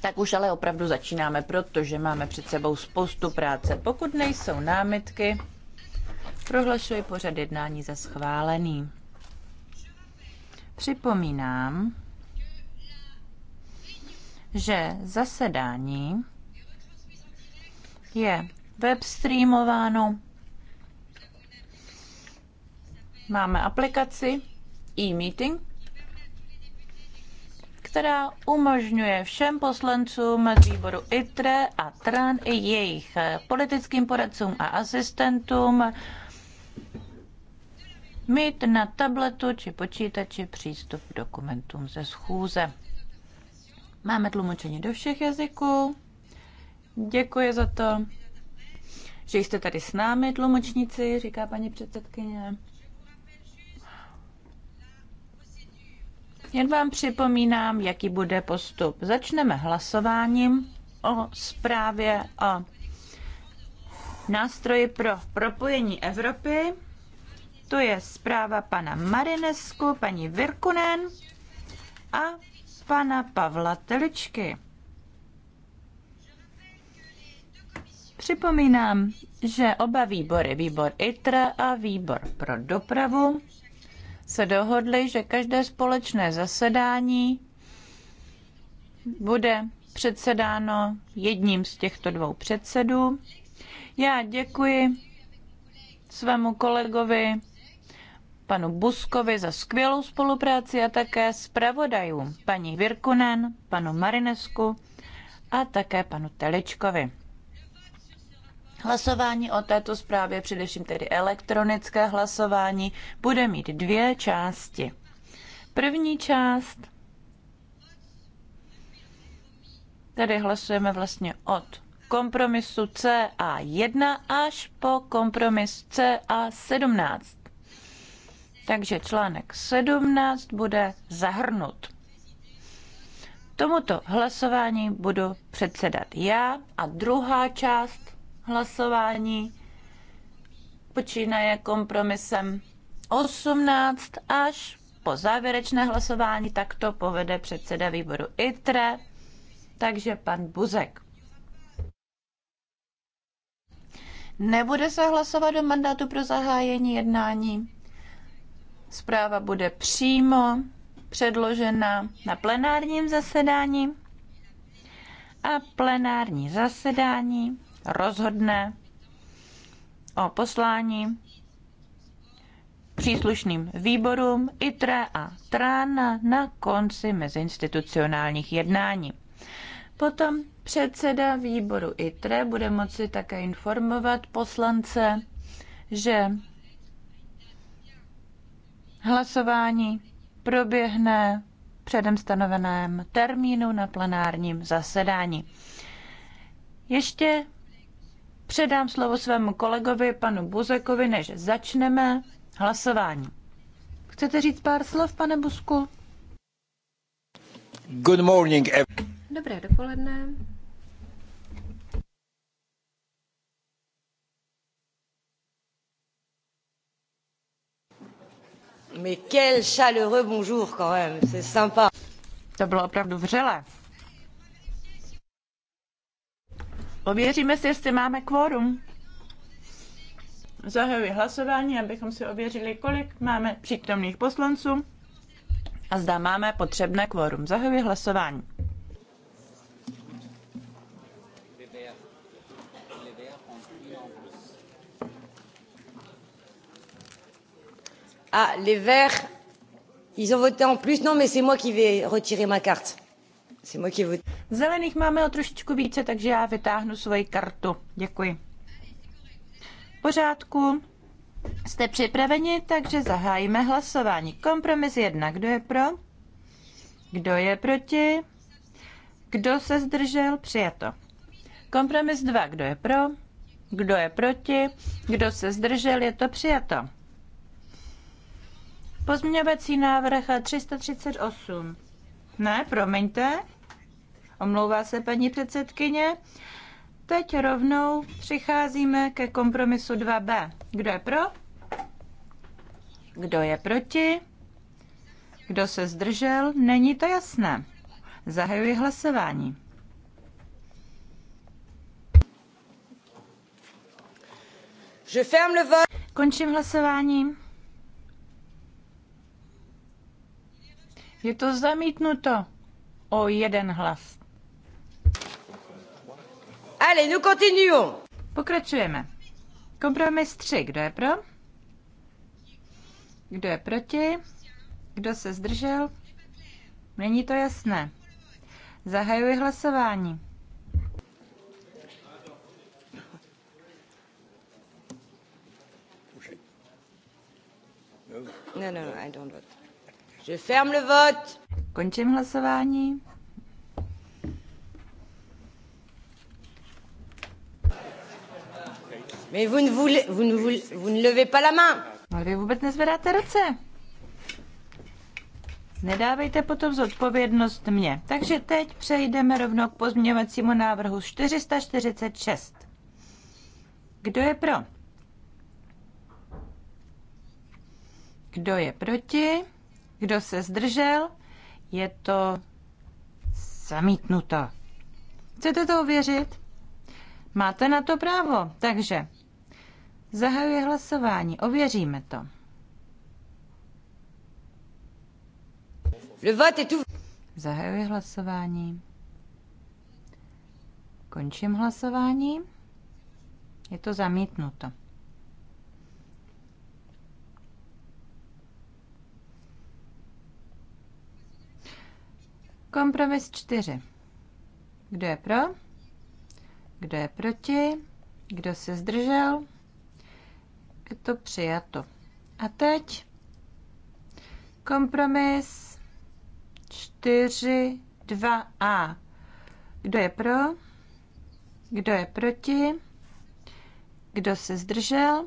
Tak už ale opravdu začínáme, protože máme před sebou spoustu práce. Pokud nejsou námitky, prohlašuji pořad jednání za schválený. Připomínám, že zasedání je webstreamováno. Máme aplikaci e-meeting, která umožňuje všem poslancům z výboru ITRE a TRAN i jejich politickým poradcům a asistentům mít na tabletu či počítači přístup k dokumentům ze schůze. Máme tlumočení do všech jazyků. Děkuji za to, že jste tady s námi, tlumočníci, říká paní předsedkyně. Jen vám připomínám, jaký bude postup. Začneme hlasováním o zprávě o nástroji pro propojení Evropy. To je zpráva pana Marinesku, paní Virkunen a pana Pavla Teličky. Připomínám, že oba výbory, výbor ITR a výbor pro dopravu, se dohodli, že každé společné zasedání bude předsedáno jedním z těchto dvou předsedů. Já děkuji svému kolegovi panu Buskovi za skvělou spolupráci a také zpravodajům paní Virkunen, panu Marinesku a také panu Teličkovi. Hlasování o této zprávě, především tedy elektronické hlasování, bude mít dvě části. První část, tady hlasujeme vlastně od kompromisu CA1 až po kompromis CA17. Takže článek 17 bude zahrnut. Tomuto hlasování budu předsedat já a druhá část hlasování počínaje kompromisem 18 až po závěrečné hlasování, tak to povede předseda výboru ITRE, takže pan Buzek. Nebude se hlasovat do mandátu pro zahájení jednání. Zpráva bude přímo předložena na plenárním zasedání a plenární zasedání rozhodne o poslání příslušným výborům ITRE a TRAN na konci mezinstitucionálních jednání. Potom předseda výboru ITRE bude moci také informovat poslance, že hlasování proběhne v předem stanoveném termínu na plenárním zasedání. Ještě Předám slovo svému kolegovi, panu Buzekovi, než začneme hlasování. Chcete říct pár slov, pane Busku? Good morning. Dobré dopoledne. Mais quel chaleureux bonjour quand même, c'est sympa. To bylo opravdu vřelé. Ověříme si, jestli máme kvórum. Zahajuji hlasování, abychom si ověřili, kolik máme přítomných poslanců a zda máme potřebné kvórum. Zahajuji hlasování. Ah, les Verts, ils ont voté en plus. Non, mais c'est moi qui vais retirer ma carte. C'est moi qui ai voté. Zelených máme o trošičku více, takže já vytáhnu svoji kartu. Děkuji. V pořádku. Jste připraveni, takže zahájíme hlasování. Kompromis jedna. Kdo je pro? Kdo je proti? Kdo se zdržel? Přijato. Kompromis dva. Kdo je pro? Kdo je proti? Kdo se zdržel? Je to přijato. Pozměňovací návrh 338. Ne, promiňte. Omlouvá se paní předsedkyně. Teď rovnou přicházíme ke kompromisu 2b. Kdo je pro? Kdo je proti? Kdo se zdržel? Není to jasné. Zahajuji hlasování. Je ferme le vote. Končím hlasování. Je to zamítnuto o jeden hlas. Allez, nous continuons. Pokračujeme. Kompromis 3. Kdo je pro? Kdo je proti? Kdo se zdržel? Není to jasné. Zahajuji hlasování. Ne, no, ne, no, no, I don't vote. Je ferme le vote. Končím hlasování. Mais vous ne voulez, vous ne voulez, vous ne levez pas la main. Ale vy vůbec nezvedáte ruce. Nedávejte potom zodpovědnost mě. Takže teď přejdeme rovnou k pozměňovacímu návrhu 446. Kdo je pro? Kdo je proti? Kdo se zdržel? Je to zamítnuto. Chcete to ověřit? Máte na to právo, takže Zahajuji hlasování. Ověříme to. Zahajuji hlasování. Končím hlasování. Je to zamítnuto. Kompromis 4. Kdo je pro? Kdo je proti? Kdo se zdržel? je to přijato. A teď kompromis 4, 2a. Kdo je pro? Kdo je proti? Kdo se zdržel?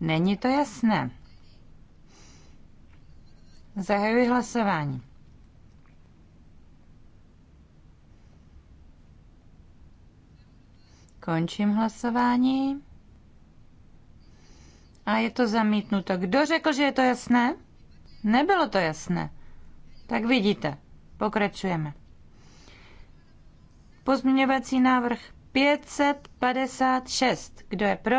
Není to jasné. Zahajuji hlasování. Končím hlasování. A je to zamítnuto. Kdo řekl, že je to jasné? Nebylo to jasné. Tak vidíte. Pokračujeme. Pozměňovací návrh 556. Kdo je pro?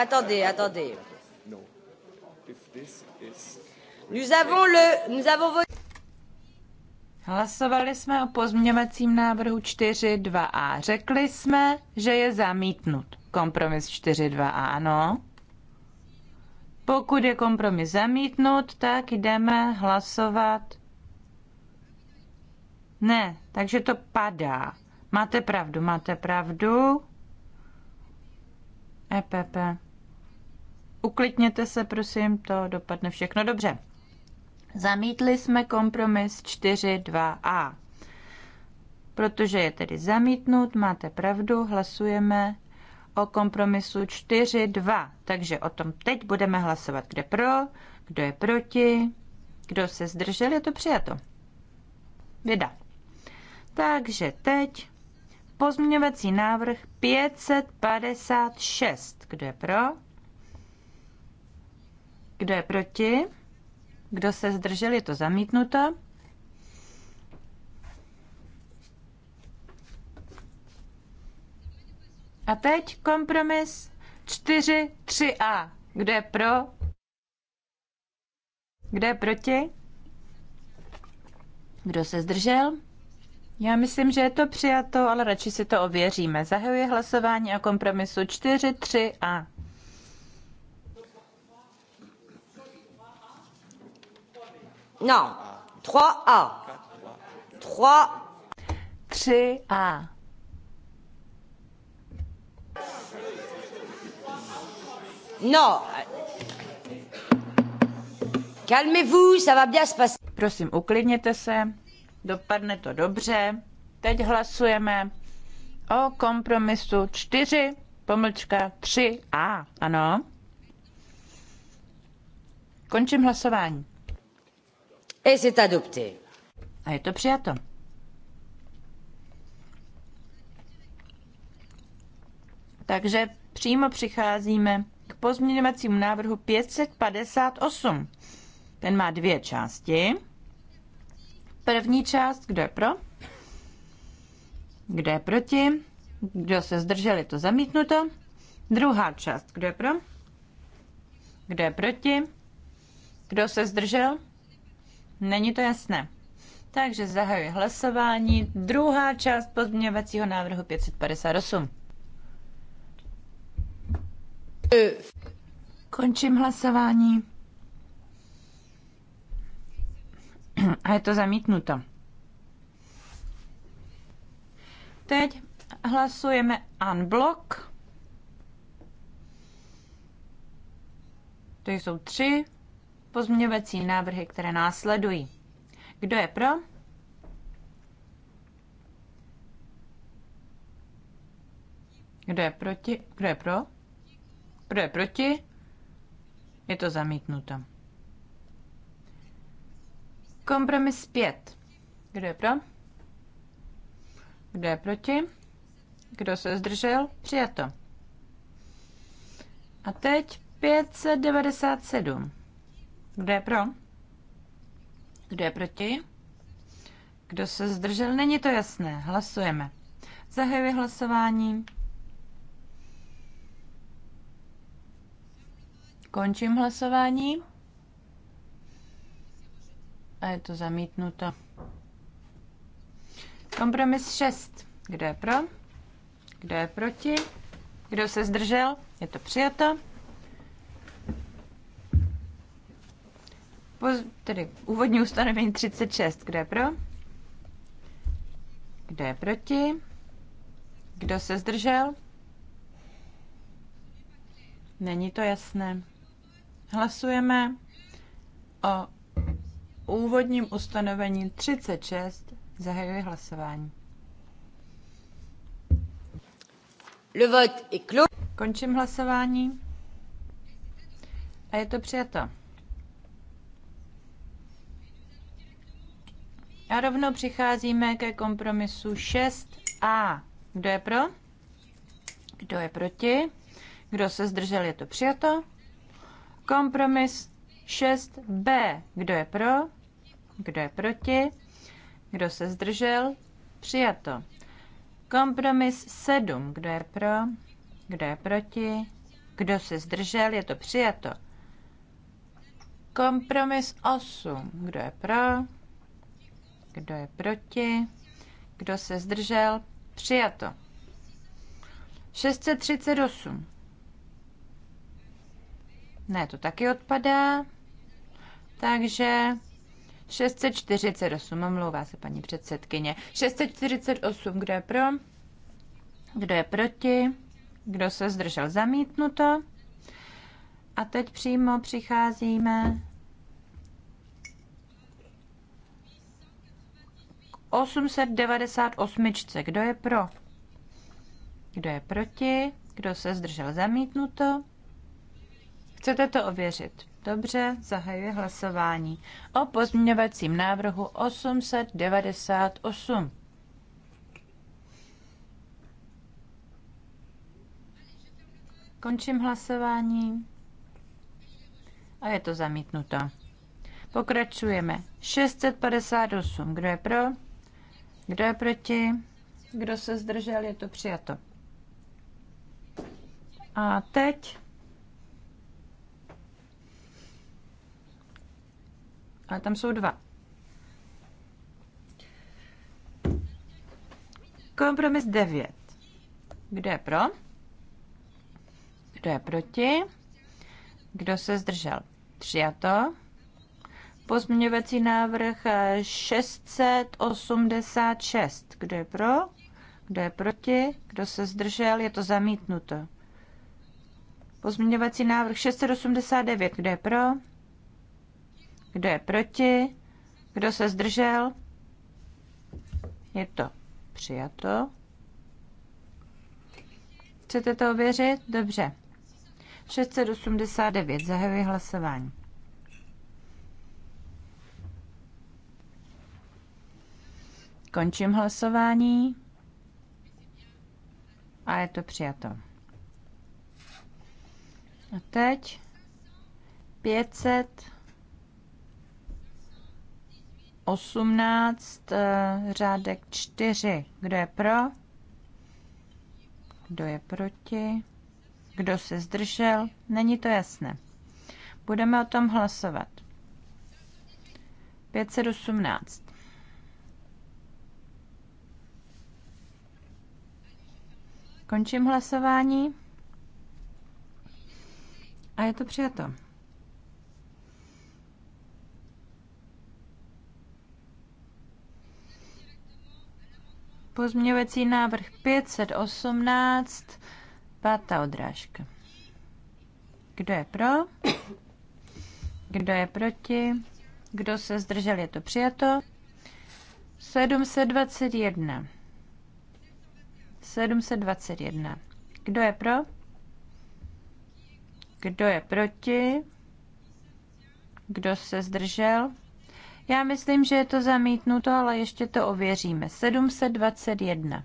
Attendez, attendez. Nous avons le, nous avons voté. Hlasovali jsme o pozměňovacím návrhu 4.2a. Řekli jsme, že je zamítnut. Kompromis 4.2a, ano. Pokud je kompromis zamítnut, tak jdeme hlasovat. Ne, takže to padá. Máte pravdu, máte pravdu. EPP. Uklidněte se, prosím, to dopadne všechno dobře. Zamítli jsme kompromis 4.2a. Protože je tedy zamítnut, máte pravdu, hlasujeme o kompromisu 4.2. Takže o tom teď budeme hlasovat, kde pro, kdo je proti, kdo se zdržel, je to přijato. Věda. Takže teď pozměňovací návrh 556. Kdo je pro? Kdo je proti? Kdo se zdržel, je to zamítnuto. A teď kompromis 4, 3a. Kdo je pro? Kdo je proti? Kdo se zdržel? Já myslím, že je to přijato, ale radši si to ověříme. Zahajuji hlasování o kompromisu 4, 3a. No, 3. a 3 a No. Calmez-vous, ça va bien se passer. Prosím, uklidněte se. Dopadne to dobře. Teď hlasujeme o kompromisu 4 pomlčka 3a. Ano. Končím hlasování. Et c'est adopté. A je to přijato. Takže přímo přicházíme k pozměňovacímu návrhu 558. Ten má dvě části. První část, kdo je pro? Kdo je proti? Kdo se zdržel, je to zamítnuto. Druhá část, kdo je pro? Kdo je proti? Kdo se zdržel? Není to jasné. Takže zahajuji hlasování. Druhá část pozměňovacího návrhu 558. Končím hlasování. A je to zamítnuto. Teď hlasujeme unblock. To jsou tři pozměňovací návrhy, které následují. Kdo je pro? Kdo je proti? Kdo je pro? Kdo je proti? Je to zamítnuto. Kompromis 5. Kdo je pro? Kdo je proti? Kdo se zdržel? Přijato. A teď 597. Kdo je pro? Kdo je proti? Kdo se zdržel? Není to jasné. Hlasujeme. Zahajuji hlasování. Končím hlasování. A je to zamítnuto. Kompromis 6. Kdo je pro? Kdo je proti? Kdo se zdržel? Je to přijato. tedy úvodní ustanovení 36. Kdo je pro? Kdo je proti? Kdo se zdržel? Není to jasné. Hlasujeme o úvodním ustanovení 36. Zahajuji hlasování. Le vote est clos. Končím hlasování. A je to přijato. A rovnou přicházíme ke kompromisu 6a. Kdo je pro? Kdo je proti? Kdo se zdržel, je to přijato. Kompromis 6b. Kdo je pro? Kdo je proti? Kdo se zdržel? Přijato. Kompromis 7. Kdo je pro? Kdo je proti? Kdo se zdržel? Je to přijato. Kompromis 8. Kdo je pro? Kdo je proti? Kdo se zdržel? Přijato. 638. Ne, to taky odpadá. Takže 648, omlouvá se paní předsedkyně. 648, kdo je pro? Kdo je proti? Kdo se zdržel zamítnuto? A teď přímo přicházíme 898. Kdo je pro? Kdo je proti? Kdo se zdržel zamítnuto? Chcete to ověřit? Dobře, zahajuje hlasování o pozměňovacím návrhu 898. Končím hlasování a je to zamítnuto. Pokračujeme. 658. Kdo je pro? Kdo je proti? Kdo se zdržel? Je to přijato. A teď Ale tam jsou dva. Kompromis 9. Kdo je pro? Kdo je proti? Kdo se zdržel? Přijato. Pozměňovací návrh 686. Eh, Kdo je pro? Kdo je proti? Kdo se zdržel? Je to zamítnuto. Pozměňovací návrh 689. Kdo je pro? Kdo je proti? Kdo se zdržel? Je to přijato. Chcete to ověřit? Dobře. 689. Zahajuji hlasování. Končím hlasování. A je to přijato. A teď 518 eh, řádek 4. Kdo je pro? Kdo je proti? Kdo se zdržel? Není to jasné. Budeme o tom hlasovat. 518. Končím hlasování. A je to přijato. Pozměňovací návrh 518, pátá odrážka. Kdo je pro? Kdo je proti? Kdo se zdržel, je to přijato. 721. 721. Kdo je pro? Kdo je proti? Kdo se zdržel? Já myslím, že je to zamítnuto, ale ještě to ověříme. 721.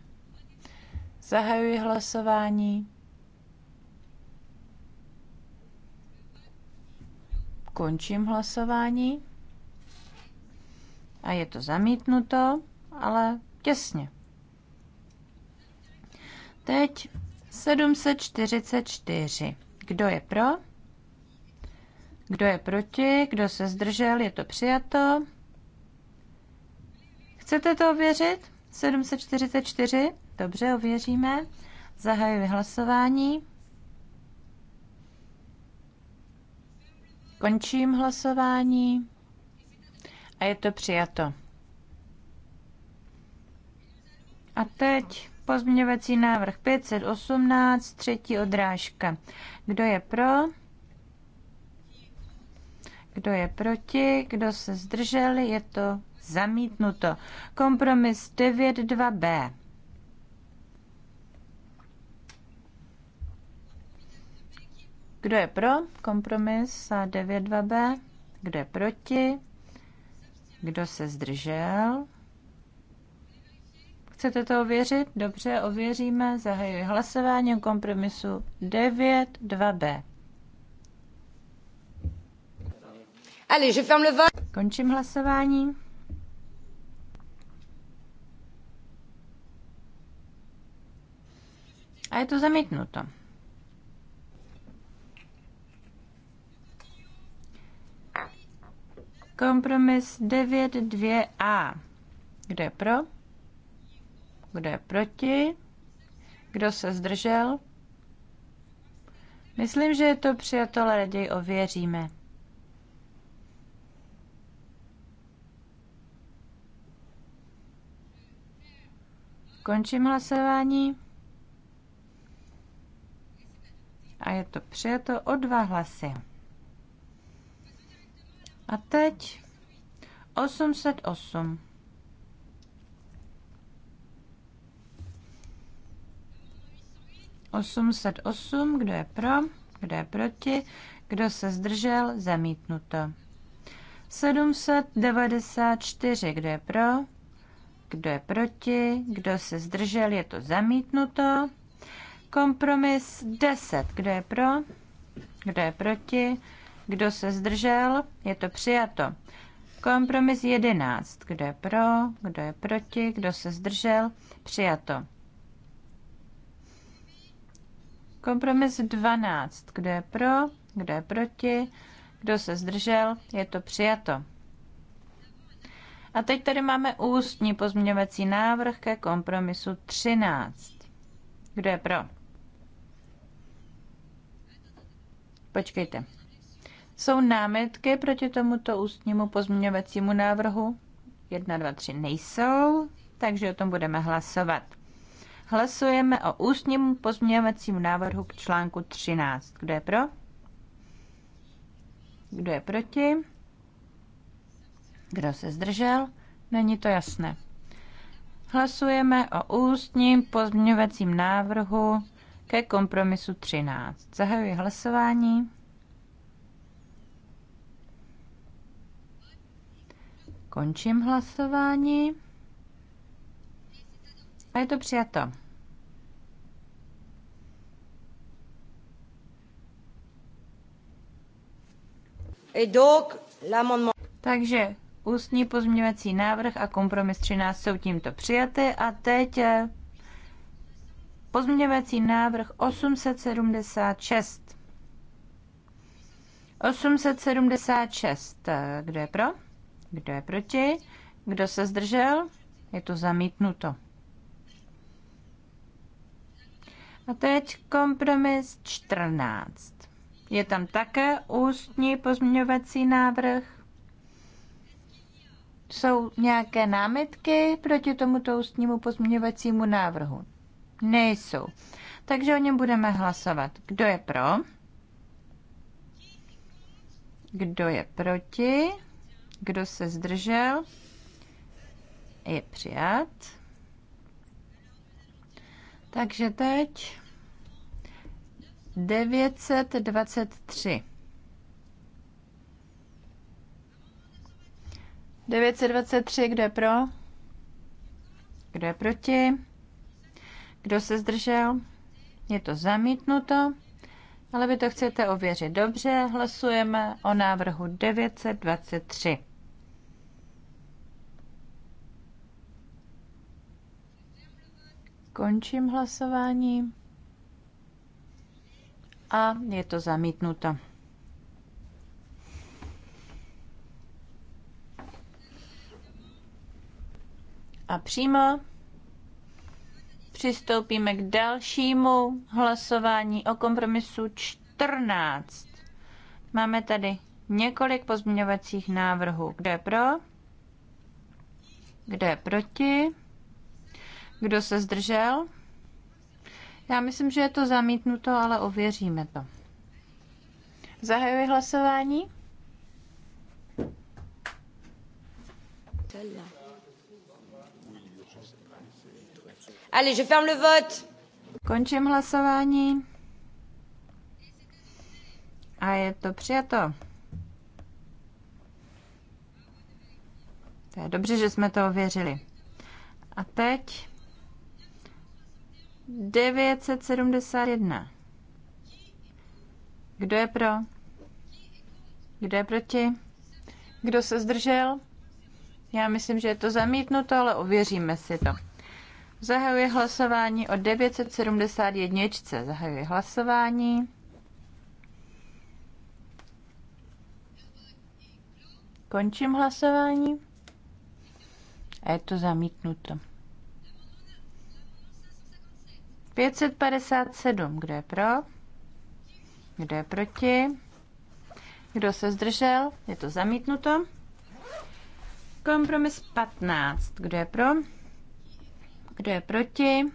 Zahajuji hlasování. Končím hlasování. A je to zamítnuto, ale těsně teď 744. Kdo je pro? Kdo je proti? Kdo se zdržel? Je to přijato. Chcete to ověřit? 744? Dobře, ověříme. Zahajuji hlasování. Končím hlasování a je to přijato. A teď Pozměňovací návrh 518, třetí odrážka. Kdo je pro? Kdo je proti? Kdo se zdržel? Je to zamítnuto. Kompromis 92b. Kdo je pro? Kompromis 92b. Kdo je proti? Kdo se zdržel? Chcete to ověřit? Dobře, ověříme. Zahajuji hlasování o kompromisu 9.2b. Allez, je ferme le vote. Končím hlasování. A je to zamítnuto. Kompromis 9.2a. Kdo je pro? Kdo je proti? Kdo se zdržel? Myslím, že je to přijato, ale raději ověříme. Končím hlasování. A je to přijato o dva hlasy. A teď 808. 808, kdo je pro, kdo je proti, kdo se zdržel, zamítnuto. 794, kdo je pro, kdo je proti, kdo se zdržel, je to zamítnuto. Kompromis 10, kdo je pro, kdo je proti, kdo se zdržel, je to přijato. Kompromis 11, kdo je pro, kdo je proti, kdo se zdržel, přijato. Kompromis 12. Kdo je pro? Kdo je proti? Kdo se zdržel? Je to přijato. A teď tady máme ústní pozměňovací návrh ke kompromisu 13. Kdo je pro? Počkejte. Jsou námitky proti tomuto ústnímu pozměňovacímu návrhu? 1, 2, 3 nejsou, takže o tom budeme hlasovat. Hlasujeme o ústním pozměňovacím návrhu k článku 13. Kdo je pro? Kdo je proti? Kdo se zdržel? Není to jasné. Hlasujeme o ústním pozměňovacím návrhu ke kompromisu 13. Zahajuji hlasování. Končím hlasování. A je to přijato. Takže ústní pozměňovací návrh a kompromis 13 jsou tímto přijaty a teď eh, pozměňovací návrh 876. 876. Eh, kdo je pro? Kdo je proti? Kdo se zdržel? Je to zamítnuto. A teď kompromis 14. Je tam také ústní pozměňovací návrh. Jsou nějaké námitky proti tomuto ústnímu pozměňovacímu návrhu? Nejsou. Takže o něm budeme hlasovat. Kdo je pro? Kdo je proti? Kdo se zdržel? Je přijat. Takže teď 923. 923, kdo je pro? Kdo je proti? Kdo se zdržel? Je to zamítnuto, ale vy to chcete ověřit. Dobře, hlasujeme o návrhu 923. Končím hlasování a je to zamítnuto. A přímo přistoupíme k dalšímu hlasování o kompromisu 14. Máme tady několik pozměňovacích návrhů. Kdo je pro? Kdo je proti? Kdo se zdržel? Já myslím, že je to zamítnuto, ale ověříme to. Zahajuji hlasování. Allez, je ferme le vote. Končím hlasování. A je to přijato. To je dobře, že jsme to ověřili. A teď 971. Kdo je pro? Kdo je proti? Kdo se zdržel? Já myslím, že je to zamítnuto, ale ověříme si to. Zahajuji hlasování o 971. Zahajuji hlasování. Končím hlasování. A je to zamítnuto. 557. Kdo je pro? Kdo je proti? Kdo se zdržel? Je to zamítnuto. Kompromis 15. Kdo je pro? Kdo je proti?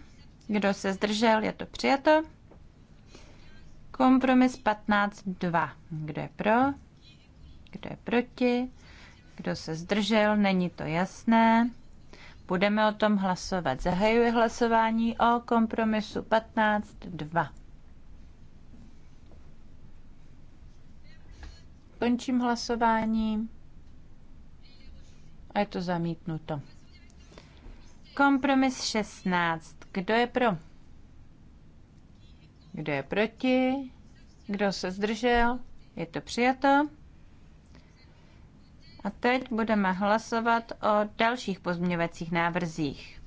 Kdo se zdržel? Je to přijato. Kompromis 15/2. Kdo je pro? Kdo je proti? Kdo se zdržel? Není to jasné. Budeme o tom hlasovat. Zahajuji hlasování o kompromisu 15.2. Končím hlasování a je to zamítnuto. Kompromis 16. Kdo je pro? Kdo je proti? Kdo se zdržel? Je to přijato. A teď budeme hlasovat o dalších pozměňovacích návrzích.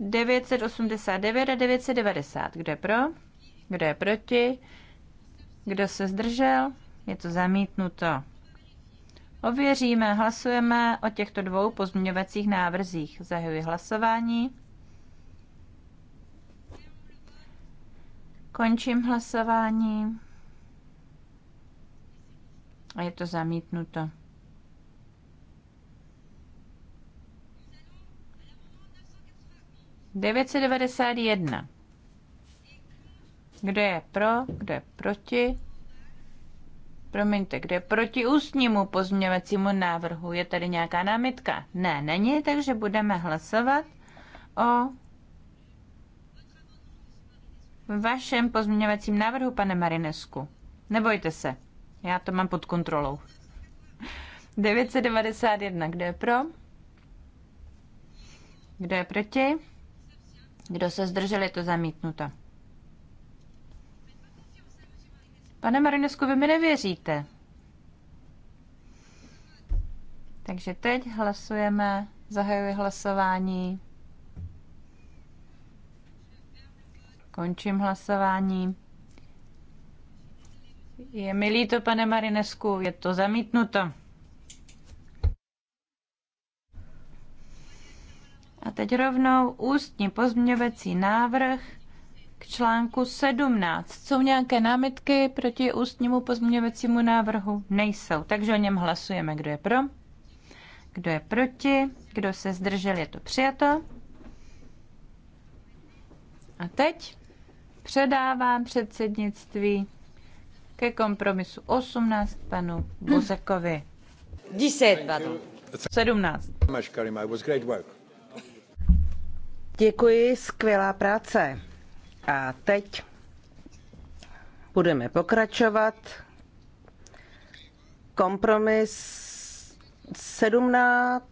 989 a 990. Kdo je pro? Kdo je proti? Kdo se zdržel? Je to zamítnuto. Ověříme, hlasujeme o těchto dvou pozměňovacích návrzích. Zahajuji hlasování. Končím hlasování. A je to zamítnuto. 991. Kdo je pro, kdo je proti? Promiňte, kdo je proti ústnímu pozměňovacímu návrhu? Je tady nějaká námitka? Ne, není, takže budeme hlasovat o vašem pozměňovacím návrhu, pane Marinesku. Nebojte se, já to mám pod kontrolou. 991, kdo je pro? Kdo je proti? Kdo se zdržel, je to zamítnuto. Pane Marinesku, vy mi nevěříte. Takže teď hlasujeme, zahajuji hlasování. Končím hlasování. Je mi líto, pane Marinesku, je to zamítnuto. A teď rovnou ústní pozměňovací návrh k článku 17. Jsou nějaké námitky proti ústnímu pozměňovacímu návrhu? Nejsou, takže o něm hlasujeme. Kdo je pro? Kdo je proti? Kdo se zdržel? Je to přijato. A teď předávám předsednictví ke kompromisu 18 panu Buzekovi. 10, hm. pardon. 17. Děkuji, skvělá práce. A teď budeme pokračovat. Kompromis 17.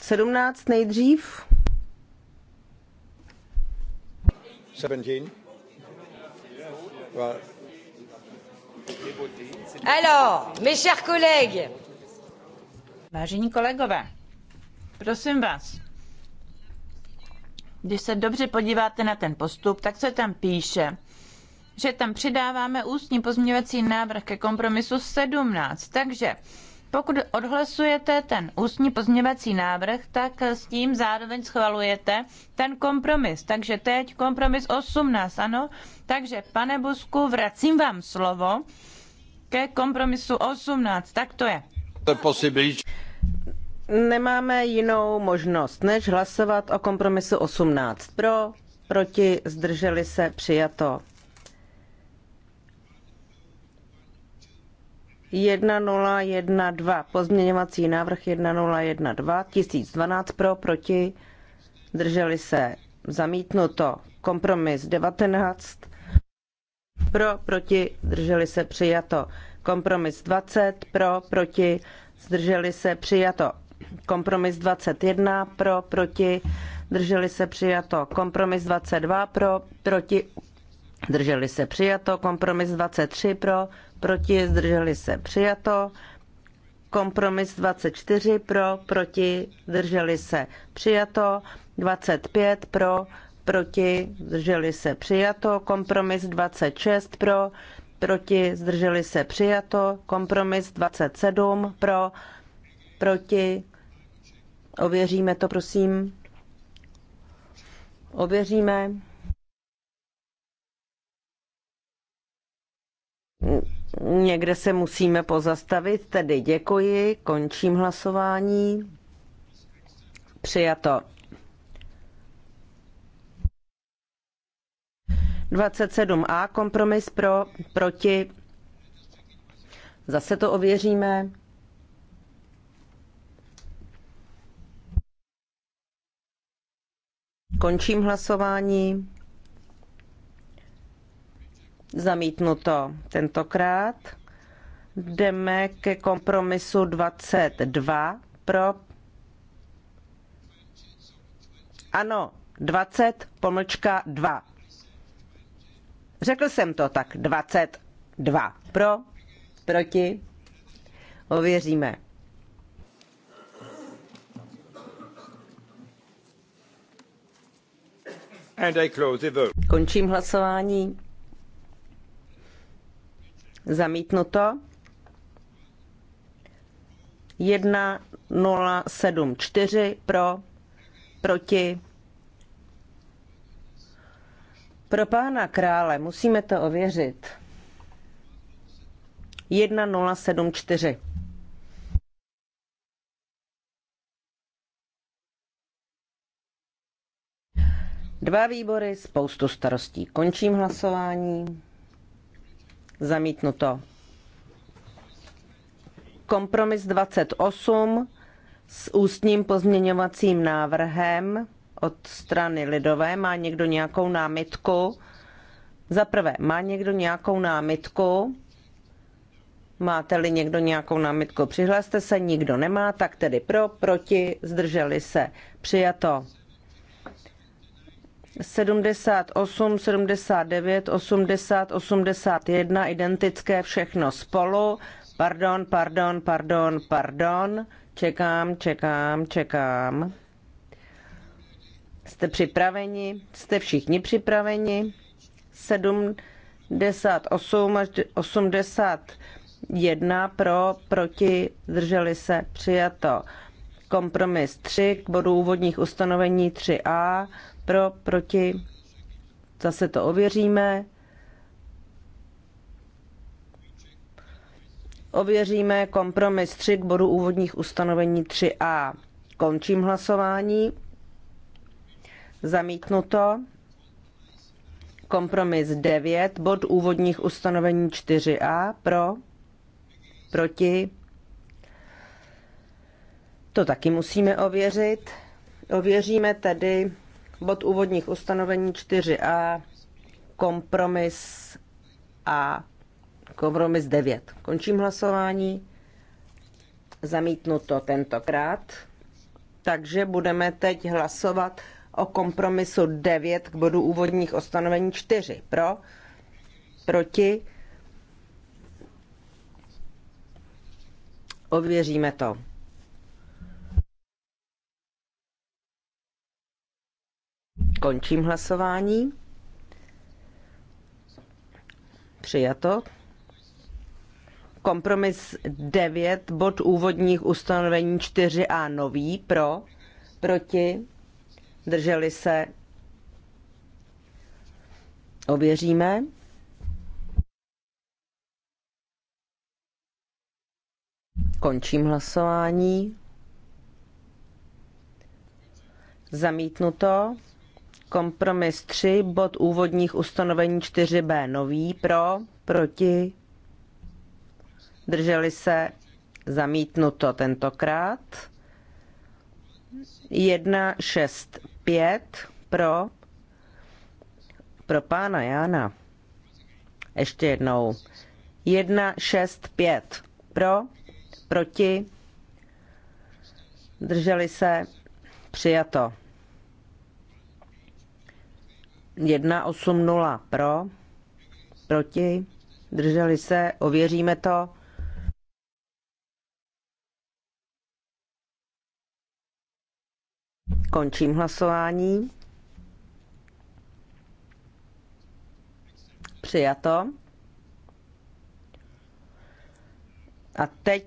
17 nejdřív. 17. Alors, mes chers collègues. Vážení kolegové, prosím vás, když se dobře podíváte na ten postup, tak se tam píše, že tam přidáváme ústní pozměňovací návrh ke kompromisu 17. Takže pokud odhlasujete ten ústní pozměňovací návrh, tak s tím zároveň schvalujete ten kompromis. Takže teď kompromis 18, ano. Takže, pane Busku, vracím vám slovo ke kompromisu 18. Tak to je. Nemáme jinou možnost, než hlasovat o kompromisu 18. Pro, proti, zdrželi se, přijato. 1012, pozměňovací návrh 1012, 1012 pro, proti, zdrželi se, zamítnuto, kompromis 19, pro, proti, zdrželi se, přijato, kompromis 20, pro, proti, zdrželi se, přijato, Kompromis 21 pro, proti, drželi se přijato. Kompromis 22 pro, proti, zdrželi se přijato, kompromis 23 pro, proti, zdrželi se přijato, kompromis 24 pro, proti, zdrželi se přijato, 25 pro, proti, zdrželi se přijato, kompromis 26 pro, proti, zdrželi se přijato, kompromis 27 pro, proti, Ověříme to, prosím. Ověříme. Někde se musíme pozastavit, tedy děkuji, končím hlasování. Přijato. 27a kompromis pro, proti. Zase to ověříme. Končím hlasování. Zamítnuto tentokrát. Jdeme ke kompromisu 22 pro. Ano, 20 pomlčka 2. Řekl jsem to tak, 22 pro, proti, ověříme. And I close the vote. Končím hlasování. Zamítnuto. 1074 pro, proti. Pro pána krále musíme to ověřit. 1074. Dva výbory, spoustu starostí. Končím hlasování. Zamítnuto. Kompromis 28 s ústním pozměňovacím návrhem od strany Lidové. Má někdo nějakou námitku? Za prvé, má někdo nějakou námitku? Máte-li někdo nějakou námitku? Přihlaste se, nikdo nemá, tak tedy pro, proti, zdrželi se. Přijato. 78, 79, 80, 81, identické, všechno spolu. Pardon, pardon, pardon, pardon. Čekám, čekám, čekám. Jste připraveni? Jste všichni připraveni? 78 81 pro, proti, zdrželi se, přijato. Kompromis 3 k bodu úvodních ustanovení 3a pro, proti, zase to ověříme. Ověříme kompromis 3 k bodu úvodních ustanovení 3a. Končím hlasování. Zamítnuto. Kompromis 9, bod úvodních ustanovení 4a. Pro, proti. To taky musíme ověřit. Ověříme tedy bod úvodních ustanovení 4a, kompromis a kompromis 9. Končím hlasování. Zamítnuto tentokrát. Takže budeme teď hlasovat o kompromisu 9 k bodu úvodních ustanovení 4. Pro, proti, ověříme to. Končím hlasování. Přijato. Kompromis 9, bod úvodních ustanovení 4a nový pro, proti, drželi se. Ověříme. Končím hlasování. Zamítnuto. Kompromis 3, bod úvodních ustanovení 4b nový pro, proti, drželi se zamítnuto tentokrát. 1, 6, 5 pro, pro pána Jana. Ještě jednou. 1, 6, 5 pro, proti, drželi se přijato. 180 pro, proti, drželi se, ověříme to. Končím hlasování. Přijato. A teď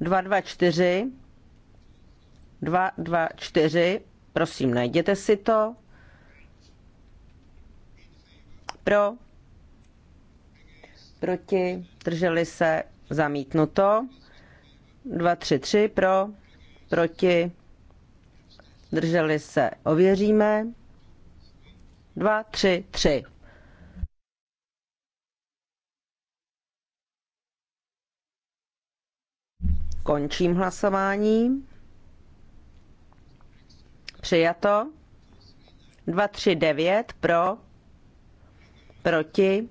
dva dva čtyři 224. Prosím, najděte si to. Pro. Proti. Drželi se. Zamítnuto. 233. Pro. Proti. Drželi se. Ověříme. 2, 3, 3. Končím hlasování. Přijato. 239 pro, proti.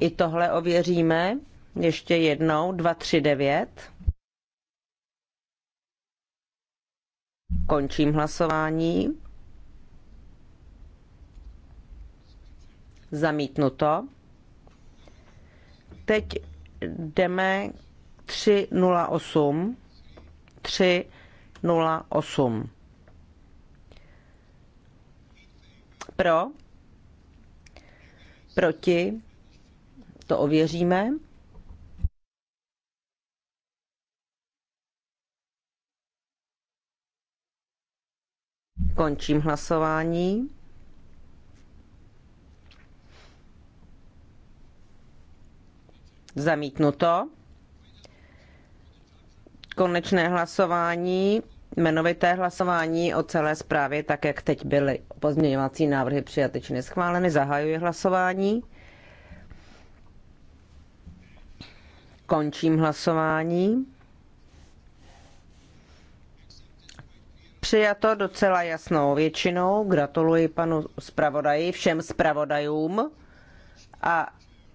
I tohle ověříme. Ještě jednou. 239. Končím hlasování. Zamítnuto. Teď jdeme 308. 3 08. Pro, proti, to ověříme. Končím hlasování. Zamítnuto. Konečné hlasování jmenovité hlasování o celé zprávě, tak jak teď byly pozměňovací návrhy přijaty či neschváleny. Zahajuji hlasování. Končím hlasování. Přijato docela jasnou většinou. Gratuluji panu zpravodaji, všem zpravodajům a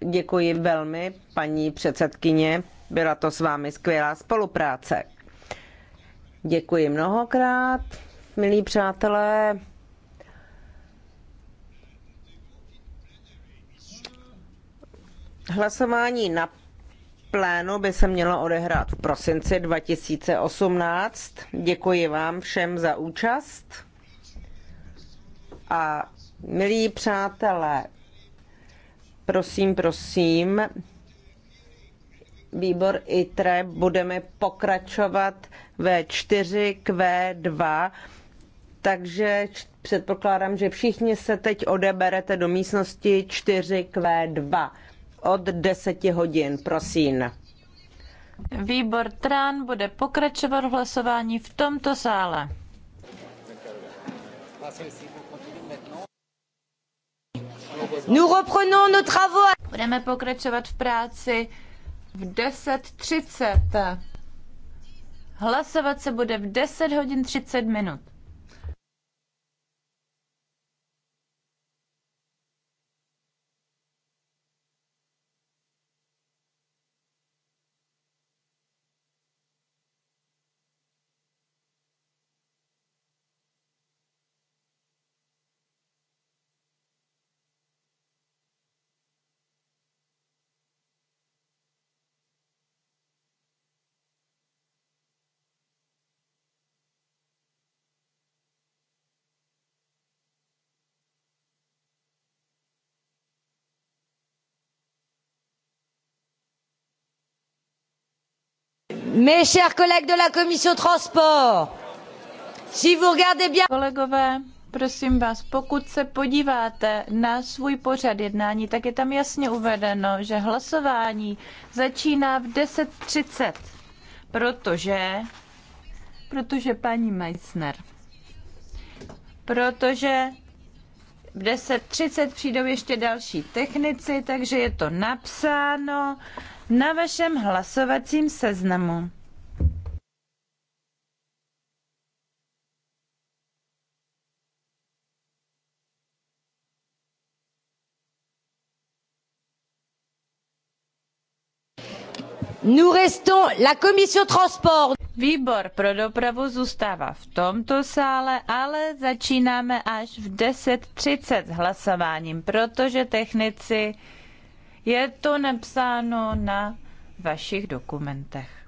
děkuji velmi, paní předsedkyně. Byla to s vámi skvělá spolupráce. Děkuji mnohokrát, milí přátelé. Hlasování na plénu by se mělo odehrát v prosinci 2018. Děkuji vám všem za účast. A milí přátelé, prosím, prosím, výbor ITRE budeme pokračovat v4, Q2, takže předpokládám, že všichni se teď odeberete do místnosti 4Q2 od 10 hodin, prosím. Výbor Trán bude pokračovat v hlasování v tomto sále. Budeme pokračovat v práci v 10.30. Hlasovat se bude v 10 hodin 30 minut. Mes chers collègues de la commission transport, si vous regardez bien... Kolegové, prosím vás, pokud se podíváte na svůj pořad jednání, tak je tam jasně uvedeno, že hlasování začíná v 10.30, protože, protože paní Meissner, protože v 10.30 přijdou ještě další technici, takže je to napsáno na vašem hlasovacím seznamu. Nous restons la commission transport. Výbor pro dopravu zůstává v tomto sále, ale začínáme až v 10.30 s hlasováním, protože technici je to napsáno na vašich dokumentech.